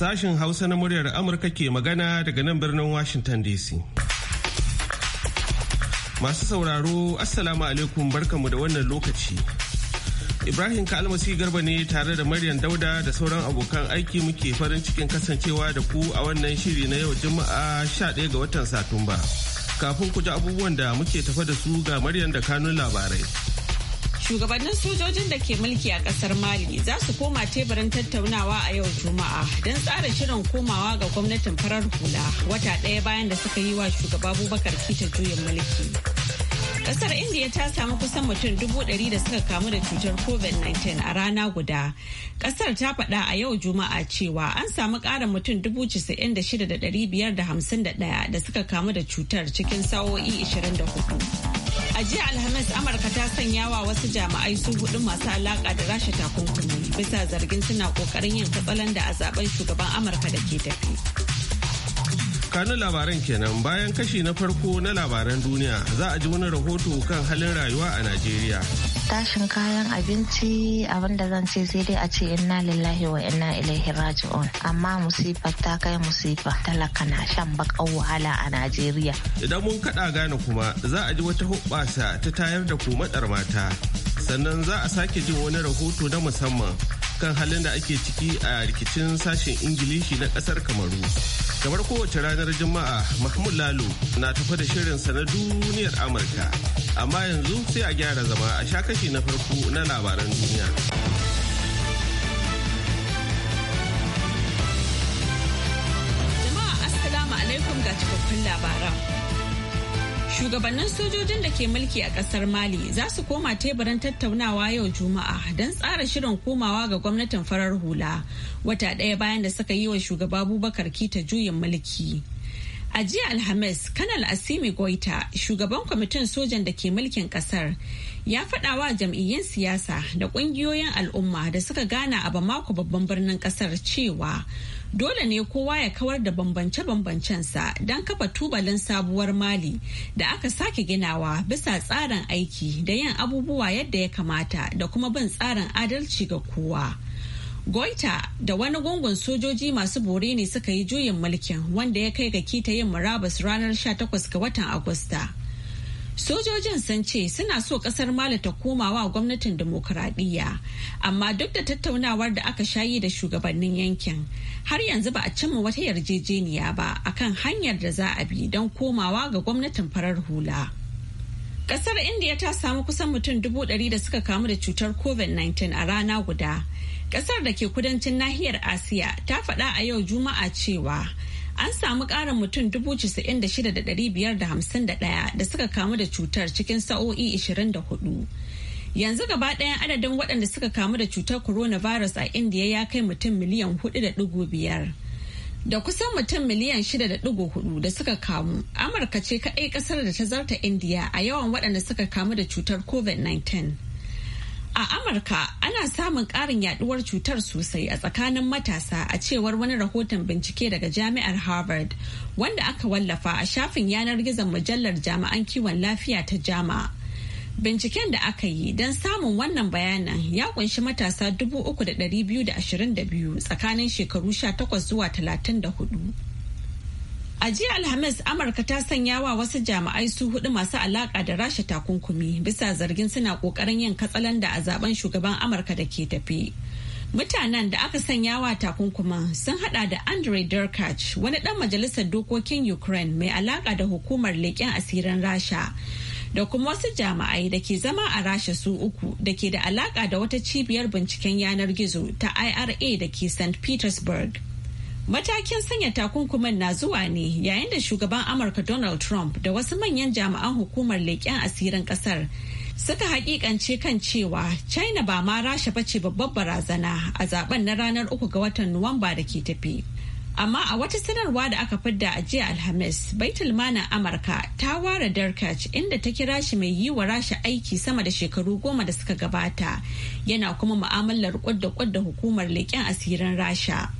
Sashen Hausa na muryar Amurka ke magana daga nan birnin Washington DC. Masu sauraro, Assalamu alaikum barkanmu da wannan lokaci. Ibrahim Kalmasi Garba ne tare da Maryam Dauda da sauran abokan aiki muke farin cikin kasancewa da ku a wannan shiri na yau Juma'a 11 ga watan Satumba. Kafin ku ji abubuwan da muke tafa da su ga Maryam da kanun labarai. shugabannin sojojin da ke mulki a kasar mali za su koma teburin tattaunawa a yau juma'a don tsara shirin komawa ga gwamnatin farar hula wata ɗaya bayan da suka yi wa shugaba abubakar kita juyin mulki kasar india ta samu kusan mutum dubu ɗari da suka kamu da cutar covid-19 a rana guda kasar ta faɗa a yau juma'a cewa an samu ƙarin mutum dubu casa'in da shida da ɗari biyar da hamsin da ɗaya da suka kamu da cutar cikin sa'o'i 24 A jiya Alhamis Amurka ta sanya wa wasu jami'ai su hudu masu alaka da rasha takunkumi bisa zargin suna kokarin yin da a zaben shugaban Amurka da ke tafi. Kanun labaran kenan bayan kashi na farko na labaran duniya za a ji wani rahoto kan halin rayuwa a Najeriya. tashin kayan abinci abinda zan ce sai dai a ce inna lillahi wa inna ilaihi raji'un amma musifa ta kai musifa talaka na shan bakan wahala a Najeriya. Idan mun kaɗa gane kuma za a ji wata hubbasa ta tayar da komadar mata sannan za a sake jin wani rahoto na musamman kan halin da ake ciki a rikicin sashen ingilishi na kasar kamaru kamar kowace ranar juma'a mahmud lalo na tafa da shirinsa na duniyar amurka amma yanzu sai a gyara zama a sha kashi na farko na labaran duniya jama'a assalamu alaikum ga cikakkun labaran Shugabannin sojojin da ke mulki a kasar Mali za su koma teburin tattaunawa yau Juma'a don tsara shirin komawa ga gwamnatin farar hula wata ɗaya bayan da suka yi wa shugaba Abubakar Kita juyin mulki. A jiya Alhamis, Kanal Asimi Goita, shugaban kwamitin sojan da ke mulkin kasar, ya faɗa wa jam'iyyun siyasa da ƙungiyoyin al'umma da suka gana a Bamako babban birnin kasar cewa dole ne kowa ya kawar da bambance-bambancensa don kafa tubalin sabuwar mali da aka sake ginawa bisa tsarin aiki da yin abubuwa yadda ya kamata da kuma bin tsarin adalci ga kowa. goita da wani gungun sojoji masu bore ne suka yi juyin mulkin wanda ya kai ga kita yin murabus ranar 18 ga watan agusta. Sojojin sun ce suna so kasar Mali ta komawa gwamnatin demokuraɗiyya, amma duk da tattaunawar da aka shayi da shugabannin yankin, har yanzu ba a cimma wata yarjejeniya ba akan hanyar da za a bi don komawa ga gwamnatin farar hula. Kasar India ta samu kusan mutum dubu ɗari da suka kamu da cutar COVID-19 a rana guda. Kasar da ke kudancin nahiyar Asiya ta faɗa a yau Juma'a cewa an samu ƙarin mutum 96,551 da suka kamu da cutar cikin sa'o'i 24. Yanzu gaba ɗayan adadin waɗanda suka kamu da cutar coronavirus a Indiya ya kai mutum miliyan 4.5. Da kusan mutum miliyan 6.4 da suka kamu, Amurka ce kaɗai ƙasar da ta zarta Indiya a yawan waɗanda suka kamu da cutar COVID-19. A Amurka ana samun ƙarin yaduwar cutar sosai a tsakanin matasa a cewar wani rahoton bincike daga Jami'ar Harvard wanda aka wallafa a shafin yanar gizon mujallar jami'an kiwon lafiya ta jama. Binciken da aka yi don samun wannan bayanan ya kunshi matasa 3,222 tsakanin shekaru 18 zuwa 34. A jiya Alhamis, Amurka ta sanya wa wasu jami'ai su hudu masu alaka da rasha takunkumi bisa zargin suna kokarin yin katsalan da a zaben shugaban Amurka da ke tafi. Mutanen da aka sanya wa takunkuma sun hada da Andrei Derkach, wani dan majalisar dokokin Ukraine mai alaka da hukumar leƙen asirin rasha. Da kuma wasu jami'ai da ke zama a rasha su uku da ke da alaka da wata cibiyar binciken yanar gizo ta IRA da ke St. Petersburg. Matakin sanya takunkuman na zuwa ne yayin da shugaban Amurka Donald Trump da wasu manyan jami'an hukumar leƙen asirin ƙasar suka haƙiƙance kan cewa China ba ma rasha bace babbar barazana a zaben na ranar uku ga watan Nuwamba da ke tafi. amma a wata sanarwa da aka fidda a jiya alhamis baitul manan amurka ta ware derkach inda ta kira shi mai yi wa rasha aiki sama da shekaru goma da suka gabata yana kuma mu'amalar kudda kudda hukumar leƙen asirin rasha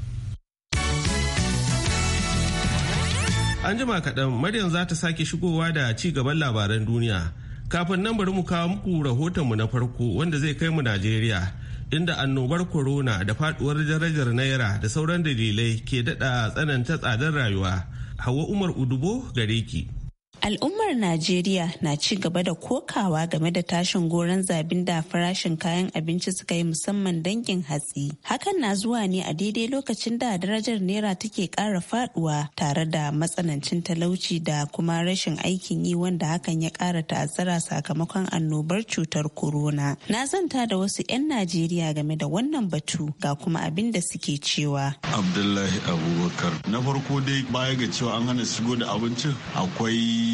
An jima kaɗan Maryam za ta sake shigowa da ci gaban labaran duniya. Kafin nan bari mu kawo muku mu na farko wanda zai kai mu Najeriya. Inda annobar corona da faduwar darajar naira da sauran dalilai ke daɗa tsananta tsadar rayuwa. Hawa Umar Udubo gare ki. Al'ummar Najeriya na ci gaba da kokawa game da tashin goron zabin da farashin kayan abinci suka yi musamman dangin hatsi. Hakan na zuwa ne a daidai lokacin da darajar Naira take ƙara faduwa tare da matsanancin talauci da kuma rashin aikin yi wanda hakan ya ƙara ta'azzara sakamakon annobar cutar corona. Na zanta da wasu 'yan Najeriya game da wannan batu ga kuma abin da suke cewa. Abdullahi Abubakar. Na farko dai baya ga cewa an hana shigo da abincin akwai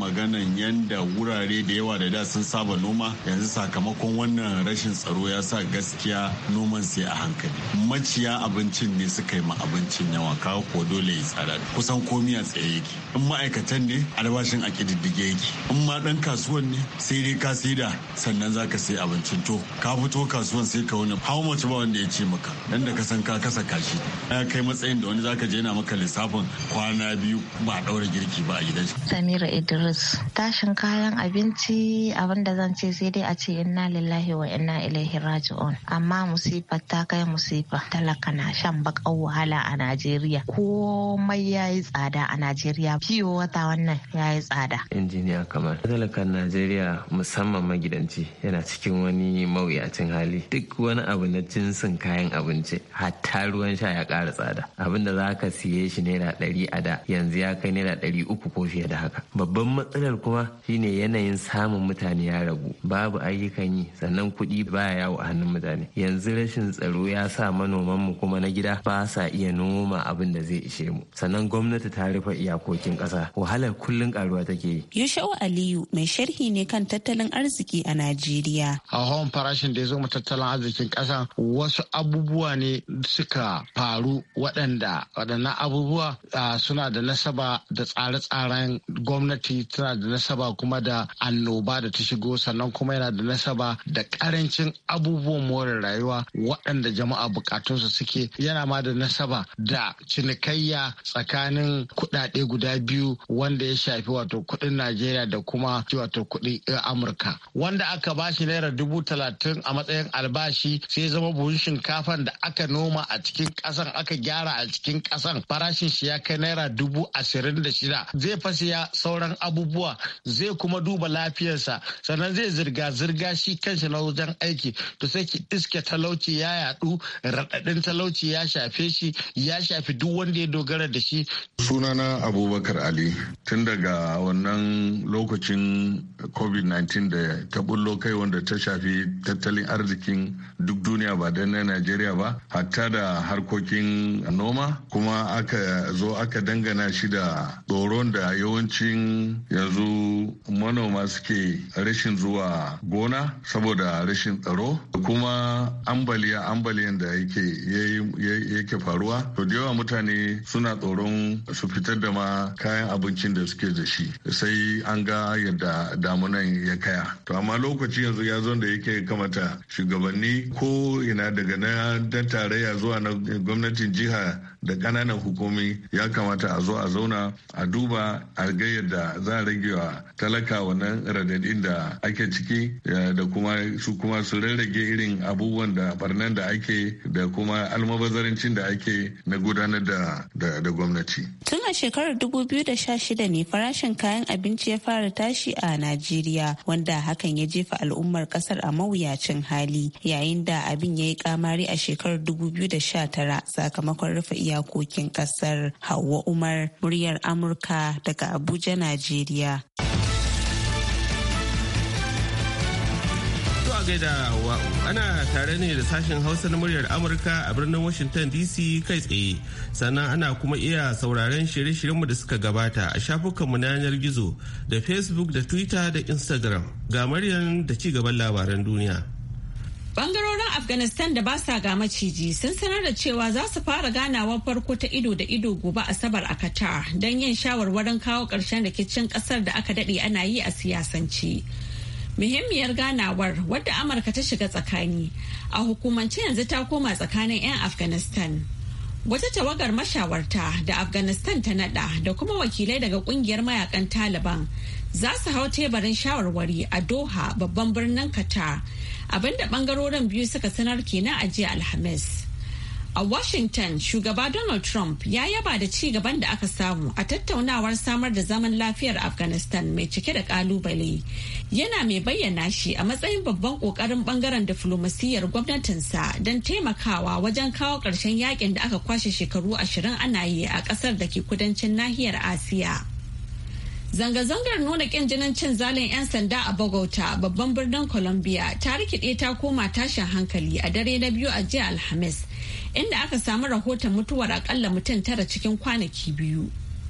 maganan yanda wurare da yawa da da sun saba noma yanzu sakamakon wannan rashin tsaro ya sa gaskiya noman sai a hankali maciya abincin ne suka yi ma abincin yawa kawo ko dole ya tsada kusan komi a tsaye yake in ma'aikatan ne albashin a kididdige yake in ma dan kasuwan ne sai dai ka saida sannan zaka sai abincin to ka fito kasuwan sai ka wani how mace ba wanda ya ce maka dan da ka san ka kasa kashi ya kai matsayin da wani zaka je na maka lissafin kwana biyu ba daura girki ba a gidan Samira Idris Idris. Tashin kayan abinci abinda zan ce sai dai a ce inna lillahi wa inna ilaihi raji'un. Amma musifa ta kai musifa talaka na shan bakan wahala a Najeriya. Komai ya yi tsada a Najeriya. Fiye wata wannan ya yi tsada. Injiniya kamar talakan Najeriya musamman magidanci yana cikin wani mawuyacin hali. Duk wani abu na jinsin kayan abinci hatta ruwan sha ya ƙara tsada. Abin da za ka siye shi naira ɗari a da yanzu ya kai naira ɗari uku ko fiye da haka. Babban matsalar kuma shine yanayin samun mutane ya ragu babu ayyukan yi sannan kuɗi ba yawo a hannun mutane yanzu rashin tsaro ya sa manoman mu kuma na gida ba sa iya noma abin da zai ishe mu sannan gwamnati ta rufe iyakokin ƙasa wahalar kullun karuwa take yi yushau aliyu mai sharhi ne kan tattalin arziki a najeriya a hawan farashin da ya zo mu tattalin arzikin ƙasa wasu abubuwa ne suka faru waɗanda waɗannan abubuwa ah, suna da nasaba da tsare-tsaren gwamnati tana da nasaba kuma da annoba da ta shigo sannan kuma yana da nasaba da karancin abubuwan more rayuwa waɗanda jama'a bukatunsu suke yana ma da nasaba da cinikayya tsakanin kuɗaɗe guda biyu wanda ya shafi wato kuɗin najeriya da kuma wato kuɗin eh, amurka wanda aka bashi naira dubu talatin a matsayin albashi sai zama buhun shinkafan da aka noma a cikin ƙasan aka gyara a cikin ƙasan farashin shi ya kai naira dubu ashirin da shida zai fasiya sauran abubuwa abubuwa zai kuma duba lafiyarsa sannan zai zirga zirga shi kanshi na wajen aiki to sai ki iske talauci ya yadu raɗaɗin talauci ya shafe shi ya shafi duk wanda ya dogara da shi sunana abubakar ali tun daga wannan lokacin covid-19 da ta bullo kai wanda ta shafi tattalin arzikin duk duniya ba da na najeriya ba hatta da harkokin noma kuma aka zo aka dangana shi da tsoron da yawancin yanzu manoma suke rashin zuwa gona saboda rashin tsaro kuma ambaliya ambaliyan da yake faruwa to da yawa mutane suna tsoron su fitar da ma kayan abincin da suke da shi sai an ga yadda damunan ya kaya to amma lokaci yanzu ya zo da yake kamata shugabanni ko ina daga na tarayya zuwa na gwamnatin jiha da ƙananan hukumi ya kamata a zo a zauna a duba a ga yadda za a rage wa talaka wannan radadin da ake ciki eh, da kuma su kuma su rarrage irin abubuwan da barnan da ake da kuma almabazarancin da ake na gudanar da gwamnati. Tun a shekarar 2016 ne farashin kayan abinci ya fara tashi a Najeriya wanda hakan ya jefa al'ummar kasar a mawuyacin hali yayin da abin ya yi kamari a shekarar 2019 sakamakon rufe iyakokin kasar Hauwa Umar muryar Amurka daga Abuja, Najeriya. ana tare ne da sashen hausa na muryar amurka a birnin washington dc kai tsaye sannan ana kuma iya sauraren shirye-shiryenmu da suka gabata a shafukanmu na yanar gizo da facebook da twitter da instagram ga maryam da ci gaban labaran duniya Bangarorin Afghanistan da ba sa ga maciji sun sanar da cewa za su fara ganawa farko ta ido da ido gobe Asabar a Qatar don yin shawarwarin kawo ƙarshen rikicin ƙasar da aka dade ana yi a siyasance. Muhimmiyar ganawar wadda Amurka ta shiga tsakani a hukumance yanzu ta koma tsakanin 'yan Afghanistan. Wata tawagar mashawarta da Afghanistan ta nada da kuma wakilai daga kungiyar mayakan Taliban za su hau teburin shawarwari a Doha babban birnin Qatar abinda bangarorin biyu suka sanar kenan a jiya alhamis a washington shugaba donald trump ya yaba da ci gaban da aka samu a tattaunawar samar da zaman lafiyar afghanistan mai cike da kalubale yana mai bayyana shi a matsayin babban kokarin bangaren diflomasiyyar gwamnatinsa don taimakawa wajen kawo ƙarshen yakin da aka kwashe shekaru ashirin ana yi a ƙasar da ke kudancin nahiyar asiya Zanga-zangar nuna ƙin jinin cin zalin 'yan sanda a Bogota babban birnin Colombia ta rikide ta koma tashin hankali a dare na biyu a jiya Alhamis, inda aka samu rahoton mutuwar akalla mutum tara cikin kwanaki biyu.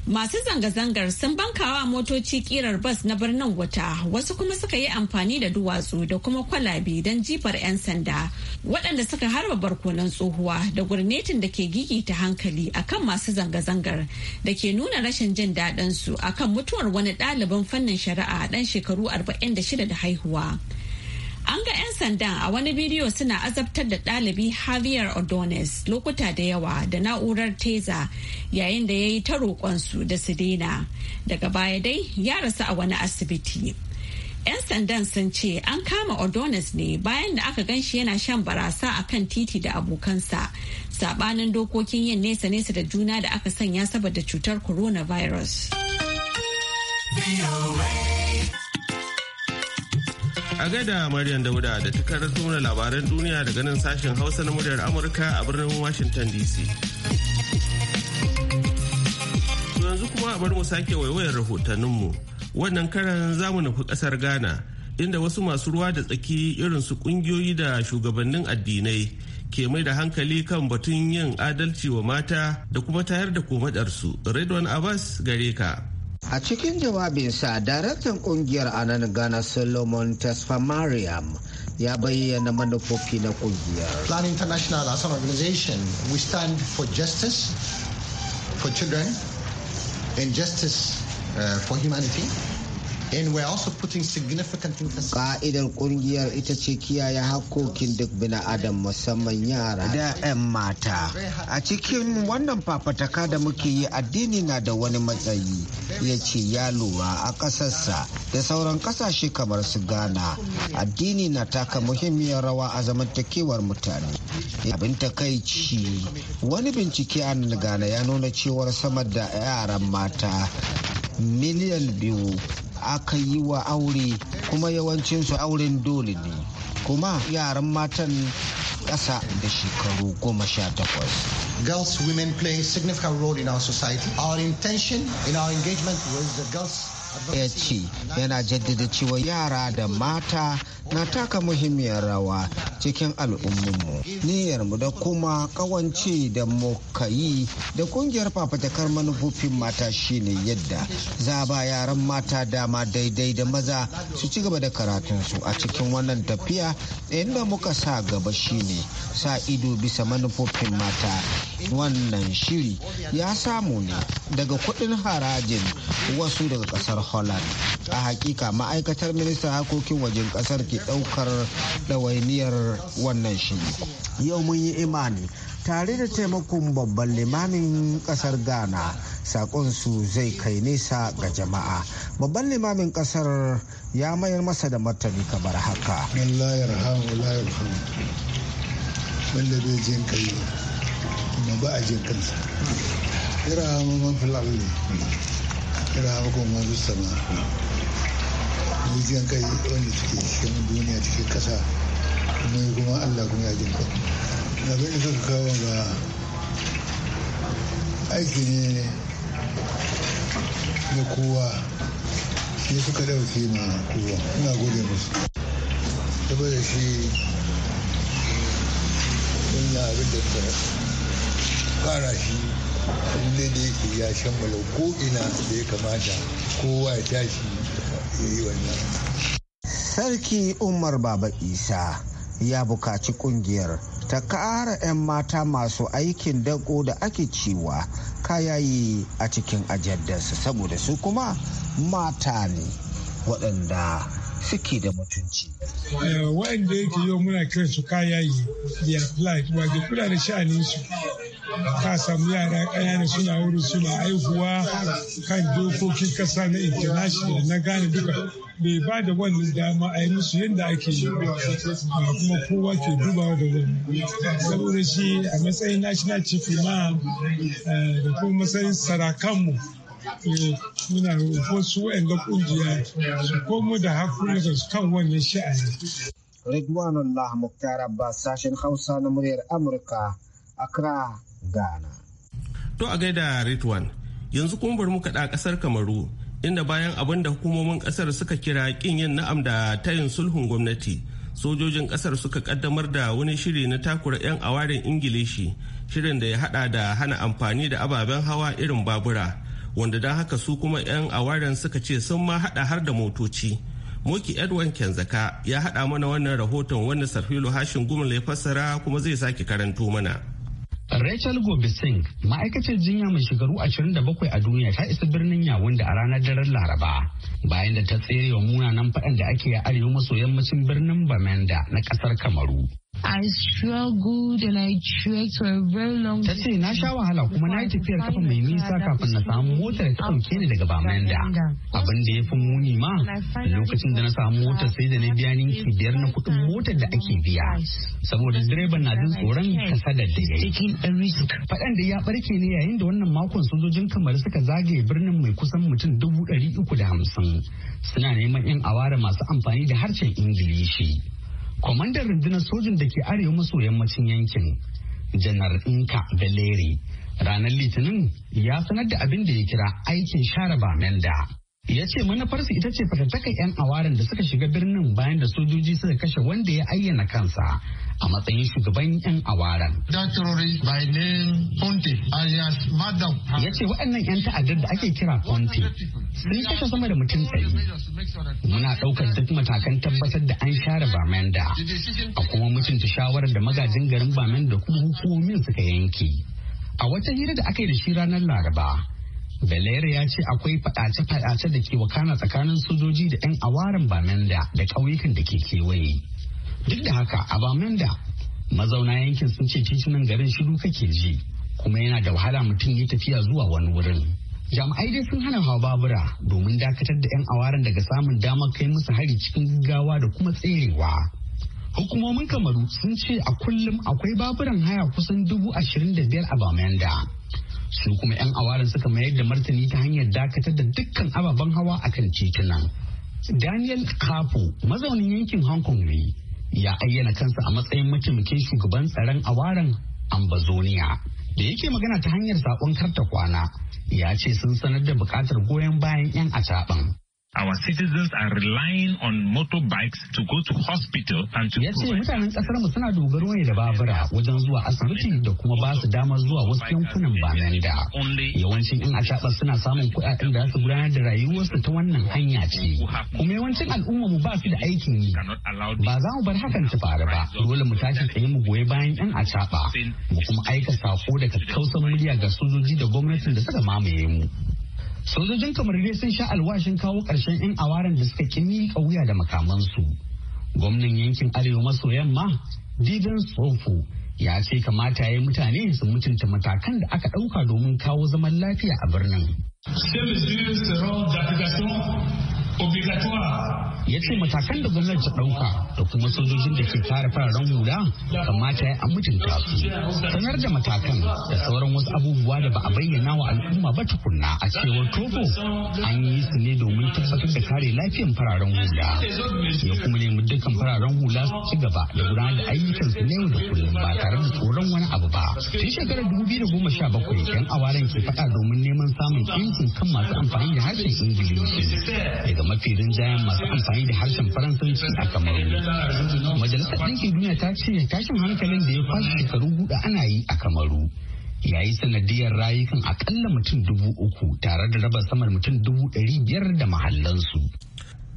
Masu zanga-zangar sun bankawa motoci kirar bas na birnin wata wasu kuma suka yi amfani da duwatsu da kuma kwalabe don jifar 'yan sanda waɗanda suka harba barkonan tsohuwa da gurnetin da ke gigita hankali akan masu zanga-zangar da ke nuna rashin jin daɗinsu akan mutuwar wani ɗaliban fannin shari'a ɗan shekaru 46 da haihuwa. An ga 'yan sandan a wani bidiyo suna azabtar da ɗalibi Javier Odones lokuta da yawa da na'urar teza yayin da ya yi ta roƙonsu da su daina. Daga baya dai ya rasu a wani asibiti. 'Yan sandan sun ce an kama Odones ne bayan da aka gan shi yana shan barasa a kan titi da abokansa. Sabanin dokokin yin nesa-nesa da juna da aka sanya saboda cutar coronavirus. A gaida Maryam Dauda da ta karanto labaran duniya daga nan sashen Hausa na muryar Amurka a birnin Washington DC. yanzu kuma a bar mu sake waiwayar rahotanninmu. Wannan karan zamu nufi ƙasar Ghana, inda wasu masu ruwa da tsaki irin su ƙungiyoyi da shugabannin addinai ke mai da hankali kan batun yin adalci wa mata da kuma tayar da komadarsu. Redwan Abbas gare ka. a cikin jawabinsa daraktan kungiyar anan ghana solomon tesfa mariam ya bayyana manufofi na kungiyar plan international as an organization we stand for justice for children and justice uh, for humanity Ka'idar kungiyar ita ce kiyaye hakokin duk adam musamman yara da 'yan mata. A cikin wannan fafataka da muke yi addini na da wani matsayi ya ce ya lura a ƙasarsa da sauran ƙasashe kamar su Ghana. Addini na taka muhimmiyar rawa a zamantakewar mutane. Abin takaici wani bincike a nan Ghana ya nuna cewar sama da yaran mata miliyan biyu aka yi wa aure kuma yawancinsu auren dole ne kuma yaran matan ƙasa da shekaru goma sha takwas. Girls, women play a significant role in our society. Our intention in our engagement was the girls ya ce yana jaddada cewa yara da mata na taka muhimmiyar rawa cikin al'ummunmu mu da kuma kawance da muka yi da kungiyar fafatakar manufofin mata shine yadda za ba yaran mata dama daidai da maza su ci gaba da karatunsu a cikin wannan tafiya inda muka sa gaba shine sa ido bisa manufofin mata wannan shiri ya samu ne daga kudin harajin wasu daga kasar holland a hakika ma'aikatar ministan harkokin wajen kasar ke daukar ɗawainiyar wannan shi. yau mun yi imani tare da taimakon babban limamin kasar ghana su zai kai nesa ga jama'a babban limamin kasar ya mayar masa da martani kamar haka wanda bai jin kai ba a jin kansa ira hama man filar ne ira hama kuma sama jijiyan kai wanda suke cikin duniya cikin kasa kuma kuma allah kuma ya jinka abin da suka kawo ga aiki ne na kowa shi suka dauke ma kowa ina gode musu saboda shi wannan abin da ta kara shi abin da yake ya shan ko ina da ya kamata kowa ya tashi sarki umar baba isa ya bukaci kungiyar ta kara 'yan mata masu aikin dako da ake ciwa kayayi a cikin ajandarsa saboda su kuma mata ne waɗanda suke da mutunci. Eh, wa'anda yake yau muna kiransu kayayi da apply wajen kula da sha'aninsu ka samu yara kanana suna wurin suna aihuwa kan dokokin kasa na international na gane duka bai ba da wannan dama a yi musu yadda ake yi ba kuma kowa ke dubawa da wani saboda shi a matsayin national chief ma eh, da kuma matsayin sarakanmu eh, muna wasu da kungiya su komo da da su kan wannan sha'ani. Ridwanullah Muktar Abbas sashen Hausa na muryar Amurka, Accra. ghana to a gaida ritwan yanzu kuma bar muka da ƙasar kamaru inda bayan abin da hukumomin ƙasar suka kira ƙin yin na'am da tayin sulhun gwamnati sojojin ƙasar suka ƙaddamar da wani shiri na takura 'yan awarin ingilishi shirin da ya hada da hana amfani da ababen hawa irin babura wanda don haka su kuma 'yan awarin suka ce sun ma hada har da motoci moki edwin kenzaka ya hada mana wannan rahoton wanda sarfilo hashin gumin ya fassara kuma zai sake karanto mana Rachel Gobe Singh, ma'aikacin jinya mai shekaru 27 a duniya ta isa birnin da a ranar daren Laraba, bayan da ta tsere wa munanan faɗan da ake a arewa maso yammacin birnin Bamenda na ƙasar Kamaru. I struggled and I trekked for a very long time. Ta ce na sha wahala kuma na yi tafiyar kafa mai nisa kafin na samu motar ta ɗauke ni daga Bamenda. Abin da ya fi muni ma lokacin da na samu motar sai da na biya ninki biyar na kuɗin motar da ake biya. Saboda direban na jin tsoron kasadar da ya yi. Faɗan da ya ɓarke ne yayin da wannan makon sojojin kamar suka zagaye birnin mai kusan mutum dubu ɗari uku da hamsin. Suna neman 'yan awara masu amfani da harshen Ingilishi. kwamandan rundunar sojin da ke arewa maso yammacin yankin janar inka beleri ranar litinin ya sanar da abin da ya kira aikin share bamenda ya ce manufarsu ita ce fatattakan 'yan awarin da suka shiga birnin bayan da sojoji suka kashe wanda ya ayyana kansa a matsayin shugaban 'yan awaran. Ya ce waɗannan 'yan ta'addar da ake kira Conte sun kashe sama da mutum ɗari. Muna ɗaukar duk matakan tabbatar da an share Bamenda a kuma mutunta shawarar da magajin garin Bamenda kuma hukumomin suka yanke. A wata hira da aka yi da shi ranar Laraba, Belere ya ce akwai faɗace-faɗace da ke wakana tsakanin sojoji da 'yan awaran Bamenda da ƙauyukan da ke kewaye. duk da haka a bamin da mazauna yankin sun ce titunan garin shiru kake ji kuma yana da wahala mutum ya tafiya zuwa wani wurin jami'ai dai sun hana hawa babura domin dakatar da 'yan awaran daga samun damar kai musu hari cikin gaggawa da kuma tserewa hukumomin kamaru sun ce a kullum akwai baburan haya kusan dubu ashirin da biyar a bamenda su kuma 'yan awaran suka mayar da martani ta hanyar dakatar da dukkan ababen hawa akan titunan daniel kapo mazaunin yankin hong kong ne ya ayyana kansa a matsayin mataimakin shugaban tsaron awaran ambazonia. da yake magana ta hanyar saƙon karta kwana ya ce sun sanar da buƙatar goyon bayan 'yan acaɓan Our citizens are relying on motorbikes to go to hospital and to mutanen kasar mu suna dogaro ne da babura wajen zuwa asibiti da kuma ba su damar zuwa wasu yankunan ba nan da. Yawancin in a suna samun kuɗaɗen da su gudanar da rayuwarsu ta wannan hanya ce. Kuma yawancin al'umma mu ba su da aikin yi. Ba za mu bar hakan ta faru ba. Dole mu tashi tsaye mu goyi bayan yan a mu kuma aika sako da kausan murya ga sojoji da gwamnatin da suka mamaye mu. sojojin kamar dai sun sha alwashin kawo ƙarshen 'yan awaran da suka ƙi miƙa wuya da makamansu gwamnan yankin arewa maso yamma didan tsofo ya ce kamata ya yi mutane su mutunta matakan da aka ɗauka domin kawo zaman lafiya a birnin. ya ce matakan da gwamnati ta ɗauka da kuma sojojin da ke kare fararen hula kamata ya an mutunta su sanar da matakan da sauran wasu abubuwa da ba a bayyana wa al'umma ba tukunna a cewar togo an yi su ne domin tabbatar da kare lafiyan fararen hula ya kuma nemi dukkan fararen hula su ci gaba da gudanar da ayyukan su yau da kullum ba tare da tsoron wani abu ba tun shekarar dubu biyu da goma sha bakwai yan awaren ke faɗa domin neman samun ƴancin kan masu amfani da harshen ingilishi daga Mafirin rinjayen masu amfani da harshen faransanci a kamaru majalisar ɗinkin duniya ta ce tashin hankalin da ya kwashe shekaru hudu ana yi a kamaru ya yi sanadiyar rayukan akalla mutum dubu uku tare da raba samar mutum dubu ɗari biyar da mahallansu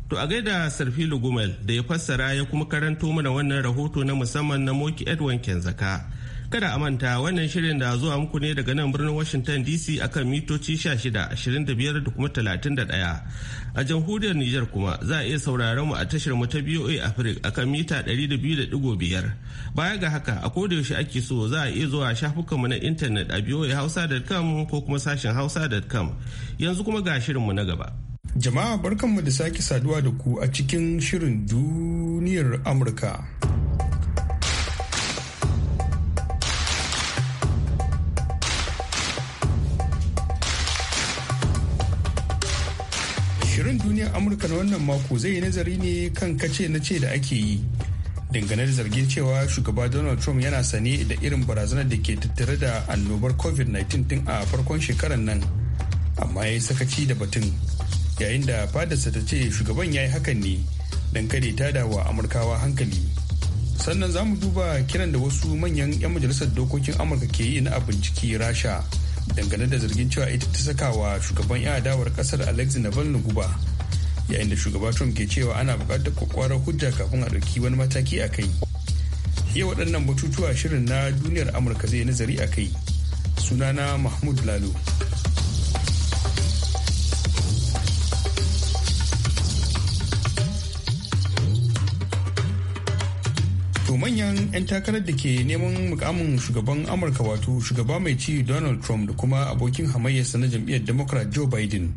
To a gaida Sarfilu Gumel da ya fassara ya kuma karanto mana wannan rahoto na musamman na Moki Edwin Kenzaka. Kada a manta wannan shirin da zuwa muku ne daga nan birnin Washington DC akan mitoci 16, da kuma 31. A jamhuriyar Nijar kuma za a iya sauraron mu a tashar mu ta BOA Africa akan mita 200.5. Baya ga haka a koda yaushe ake so za a iya zuwa shafukan mu na intanet a boahausa.com ko kuma sashen hausa.com. Yanzu kuma ga shirin mu na gaba. Jama'a barkanmu da sake saduwa da ku a cikin shirin duniyar Amurka. Shirin duniyar Amurka na wannan mako zai yi nazari ne kan kace na ce da ake yi. Dangane da zargin cewa shugaba Donald Trump yana sane da irin barazanar da ke tattare da annobar COVID-19 tun a farkon shekarar nan. Amma ya yi sakaci da batun yayin da fadarsa ta ce shugaban ya yi hakan ne don kada ta dawa Amurkawa hankali. Sannan za mu duba kiran da wasu manyan 'yan majalisar dokokin Amurka ke yi na a Rasha. dangane da zargin cewa ita ta saka wa shugaban 'yan adawar kasar alexi navalny guba yayin da shugaba trump ke cewa ana buƙatar kwakwarar hujja kafin a ɗauki wani mataki a kai yau waɗannan batutuwa shirin na duniyar amurka zai nazari a kai sunana mahmud lalo To manyan 'yan takarar da ke neman mukamin shugaban Amurka wato shugaba mai ci Donald Trump da kuma abokin hamayyarsa na jam'iyyar Democrat Joe Biden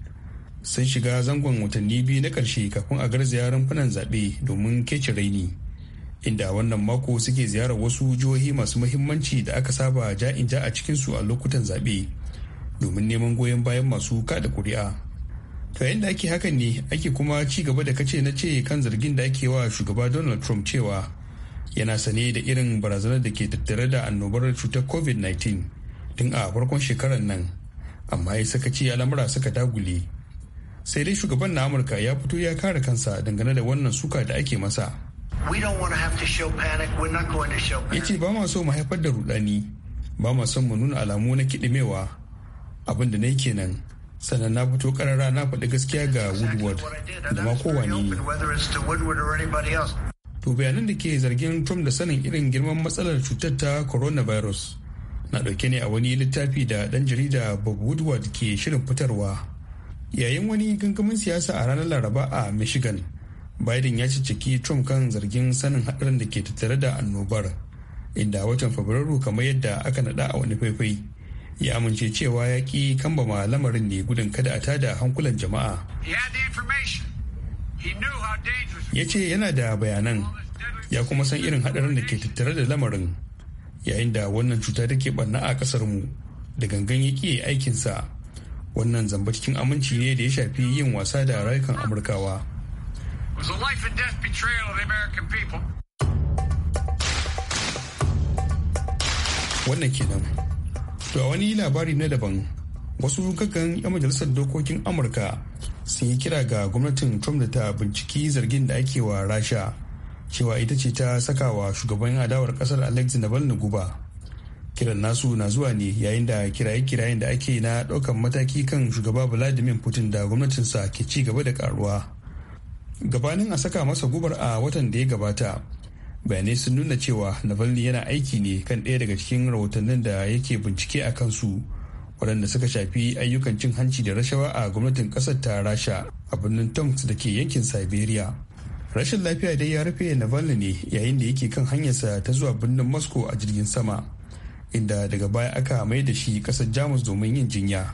sun shiga zangon watanni biyu na ƙarshe kafin a garzaya rumfunan zaɓe domin keci raini. Inda wannan mako suke ziyarar wasu jihohi masu muhimmanci da aka saba ja'in ja a cikinsu a lokutan zaɓe domin neman goyon bayan masu kada ƙuri'a To yin da ake hakan ne ake kuma ci gaba da kace na ce kan zargin da ake wa shugaba Donald Trump cewa yana sane da irin barazanar da ke tattare da annobar cutar covid-19 tun a farkon shekarar nan amma ya saka ci al'amura suka dagule sai dai shugaban na amurka ya fito ya kare kansa dangane da wannan suka da ake masa ya ce ba ma so mu haifar da rudani ba ma son mu nuna alamu na kiɗimewa abin da na yake kenan sannan na fito karara na faɗi gaskiya ga woodward da ma kowane to bayanan da ke zargin trump da sanin irin girman matsalar cutar ta coronavirus na dauke ne a wani littafi da dan jarida bob woodward ke shirin fitarwa yayin wani gangamin siyasa a ranar laraba a michigan biden ya cicciki trump kan zargin sanin haɗarin da ke tattare da annobar inda watan fabrairu kamar yadda aka naɗa a wani faifai ya amince cewa ya ƙi ma lamarin ne gudun kada a tada hankulan jama'a. He had the ya ce yana da bayanan ya kuma san irin haɗarin da ke tattare da lamarin yayin da wannan cuta da ke barna a kasarmu da gangan ya ƙi aikinsa wannan zamba cikin aminci ne da ya shafi yin wasa da rayukan amurkawa wannan kenan to a wani labari na daban wasu kakan 'yan majalisar dokokin amurka sun yi kira ga gwamnatin trump da ta binciki zargin da ake wa rasha cewa ita ce ta saka wa shugaban adawar kasar alex navalny guba kiran nasu na zuwa ne yayin da kiraye-kirayen da ake na ɗaukar mataki kan shugaba vladimir putin da gwamnatinsa ke ci gaba da karuwa gabanin a saka masa gubar a watan da ya gabata bayanai sun nuna cewa navalny yana aiki ne kan ɗaya daga cikin rahotannin da yake bincike a kansu waɗanda suka shafi ayyukan cin hanci da rashawa a gwamnatin ƙasar ta rasha a birnin tomsk da ke yankin siberia rashin lafiya dai ya rufe navalny ne yayin da yake kan hanyarsa ta zuwa birnin moscow a jirgin sama inda daga baya aka mai da shi ƙasar jamus domin yin jinya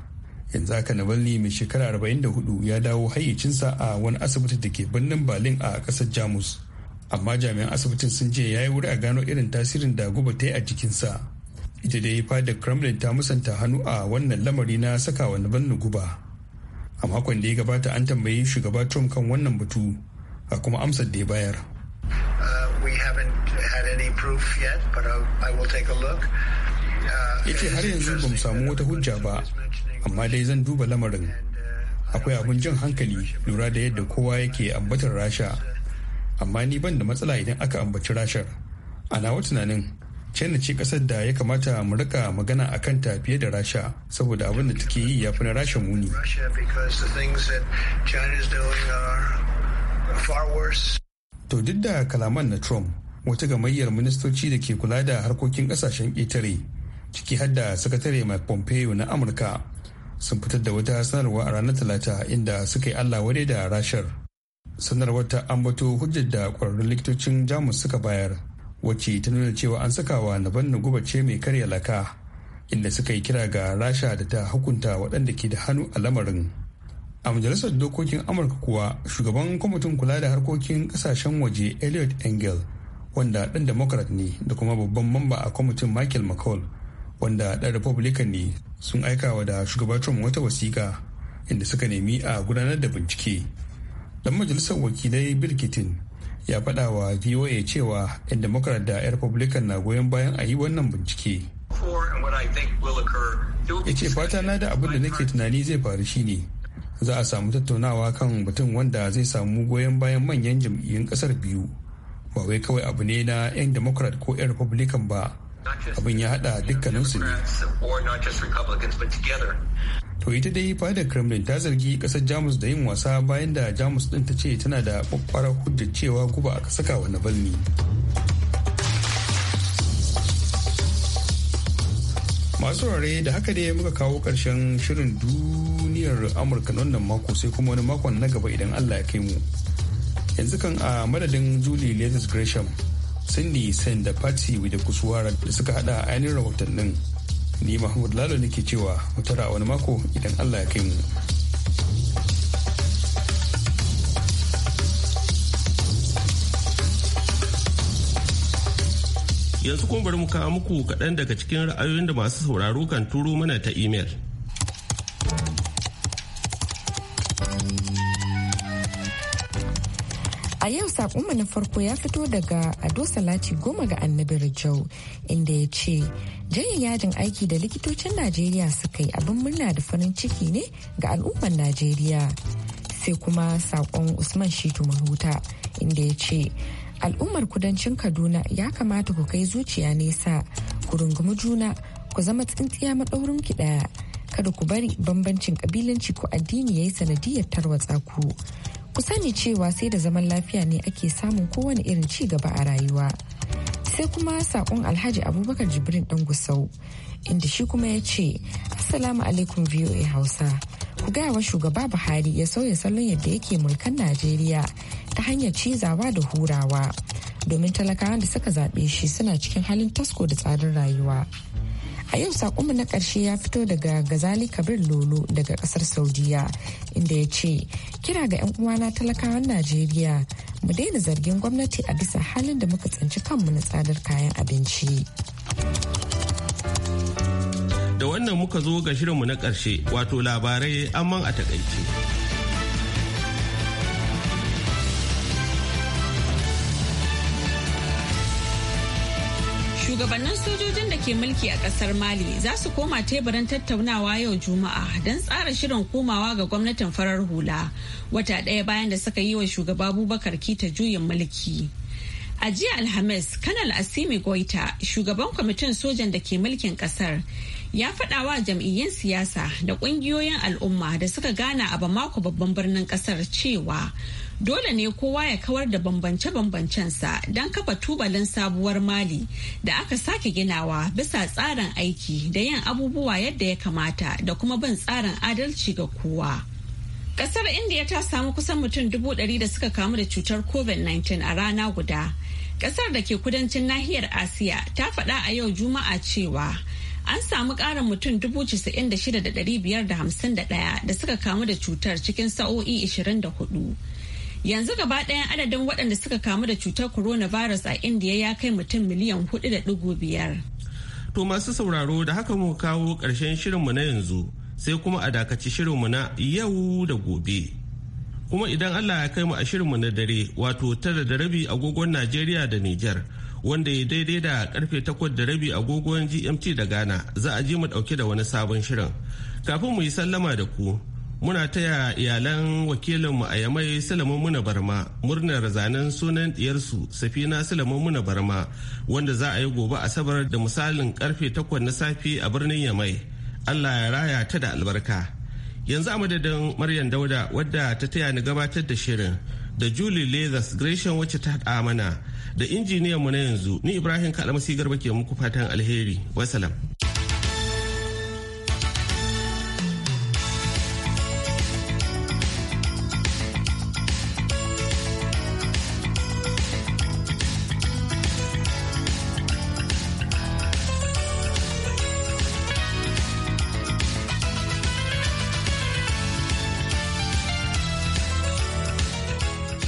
yanzu haka navalny mai shekara 44 ya dawo hayyacinsa a wani asibiti da ke birnin berlin a ƙasar jamus amma jami'an asibitin sun ce ya yi wuri a gano irin tasirin da guba ta yi a jikinsa ita dai fadar kremlin ta musanta hannu a wannan lamari na saka wa navalny guba a makon da ya gabata an tambayi shugaba trump kan wannan batu a kuma amsar da ya bayar uh, uh, ya ce har yanzu ba mu samu wata hujja ba amma dai zan duba lamarin uh, akwai abin jan hankali lura da yadda kowa yake ambatar rasha amma ni ban da matsala idan aka ambaci rashar ana wa tunanin china ce kasar da ya kamata mu rika magana a kanta fiye da rasha saboda abin da take yi ya fi na rasha muni to duk da kalaman na trump wata gamayyar ministoci da ke kula da harkokin kasashen ƙetare ciki har da sakatare mike pompeo na amurka sun fitar da wata sanarwa a ranar talata inda suka yi allah wadai da rashar sanarwar ta ambato hujjar da kwararrun likitocin jamus suka bayar wacce ta nuna cewa an saka sakawa naban na ce mai karya laka inda suka yi kira ga rasha da ta hukunta waɗanda ke da hannu a lamarin a majalisar dokokin amurka kuwa shugaban kwamitin kula da harkokin kasashen waje elliot engel wanda ɗan democrat ne da kuma babban mamba a kwamitin michael mccall wanda ɗan republican ne sun aika wa da shugaba trump wata wasiƙa inda suka nemi a gudanar da bincike dan majalisar wakilai bill ya faɗa wa voa cewa 'yan democrat da 'yan republican na goyon bayan a yi wannan bincike ya ce fata na da abin da nake tunani zai faru shi ne za a samu tattaunawa kan mutum wanda zai samu goyon bayan manyan jam'iyyun kasar biyu ba wai kawai abu ne na 'yan democrat ko 'yan republican ba abin ya hada dukkaninsu ne to ita dai fadar kremlin ta zargi kasar jamus da yin wasa bayan da jamus din ta ce tana da kwakwarar hujjar cewa guba aka saka wa navalny masu rare da haka dai muka kawo karshen shirin duniyar amurka wannan mako sai kuma wani makon na gaba idan allah ya kai mu yanzu kan a madadin julie latest gresham cindy sen da patsy da kusuwara da suka hada a ainihin rahotannin ni mahmud lalo nake cewa mutara wani mako idan allah ya kai mu yanzu kuma bari mu kawo muku kaɗan daga cikin ra'ayoyin da masu sauraro kan turo mana ta imel. saƙonmu na farko ya fito daga Ado Salati goma ga annabi rajau inda ya ce janyin yajin aiki da likitocin Najeriya suka yi abin murna da farin ciki ne ga al'ummar Najeriya. Sai kuma sakon Usman Shitu Mahuta inda ya ce al'ummar kudancin Kaduna ya kamata ku kai zuciya nesa ku rungumi juna ku zama tsintsiya maɗaurin ki ɗaya kada ku bari bambancin ƙabilanci ko addini ya yi sanadiyar tarwatsa ku. ku sani cewa sai da zaman lafiya ne ake samun kowane irin ci gaba a rayuwa sai kuma sakon alhaji abubakar jibrin dan gusau inda shi kuma ya ce assalamu alaikum voa hausa ku gaya wa shugaba buhari ya sauya salon yadda yake mulkan najeriya ta hanyar cizawa da hurawa domin talakawan da suka zaɓe shi suna cikin halin tasko da tsadar rayuwa a yau sakonmu na karshe ya fito daga gazali kabir lolo daga kasar saudiya inda ya ce kira ga 'yan uwana talakawan najeriya mu daina zargin gwamnati a bisa halin da muka tsinci kanmu na tsadar kayan abinci da wannan muka zo ga shirinmu na karshe wato labarai amman a takaice. Shugabannin sojojin da ke mulki a kasar Mali za su koma teburin tattaunawa yau Juma'a don tsara shirin komawa ga gwamnatin farar hula wata ɗaya bayan da suka yi wa shugaba Abubakar Kita juyin mulki. A jiya Alhamis, Kanal Asimi Goita, shugaban kwamitin sojan da ke mulkin kasar, ya faɗa wa jam'iyyun siyasa da ƙungiyoyin al'umma da suka gana a Bamako babban birnin kasar cewa dole ne kowa ya kawar da bambance-bambancensa don kafa tubalin sabuwar mali da aka sake ginawa bisa tsarin aiki da yin abubuwa yadda ya kamata da kuma bin tsarin adalci ga kowa. Kasar India ta samu kusan mutum dubu ɗari da suka kamu da cutar COVID-19 a rana guda. Kasar da ke kudancin nahiyar Asiya ta faɗa a yau Juma'a cewa an samu ƙarin mutum dubu 96,551 da shida da da da da biyar hamsin suka kamu da cutar cikin sa'o'i da hudu. Yanzu gaba ɗayan adadin waɗanda suka kamu da cutar coronavirus a Indiya ya kai mutum miliyan da biyar. To masu sauraro da haka muka kawo ƙarshen shirinmu na yanzu sai kuma a dakaci shirinmu na yau da gobe. Kuma idan Allah ya kai mu a shirinmu na dare wato tara da rabi agogon Najeriya da niger wanda ya daidai da karfe takwas da rabi agogon GMT da Ghana za a ji mu ɗauke da wani sabon shirin. Kafin mu yi sallama da ku muna taya iyalan wakilinmu a yamai salamun muna barma murnar zanen sunan diyarsu safina salamun muna barma wanda za a yi gobe asabar da misalin karfe takwas na safe a birnin yamai allah ya raya ta da albarka yanzu a madadin maryam dauda wadda ta taya ni gabatar da shirin da julie Legas gresham wacce ta haɗa mana da injiniyanmu na yanzu ni ibrahim kalamasi garba ke muku fatan alheri wasalam.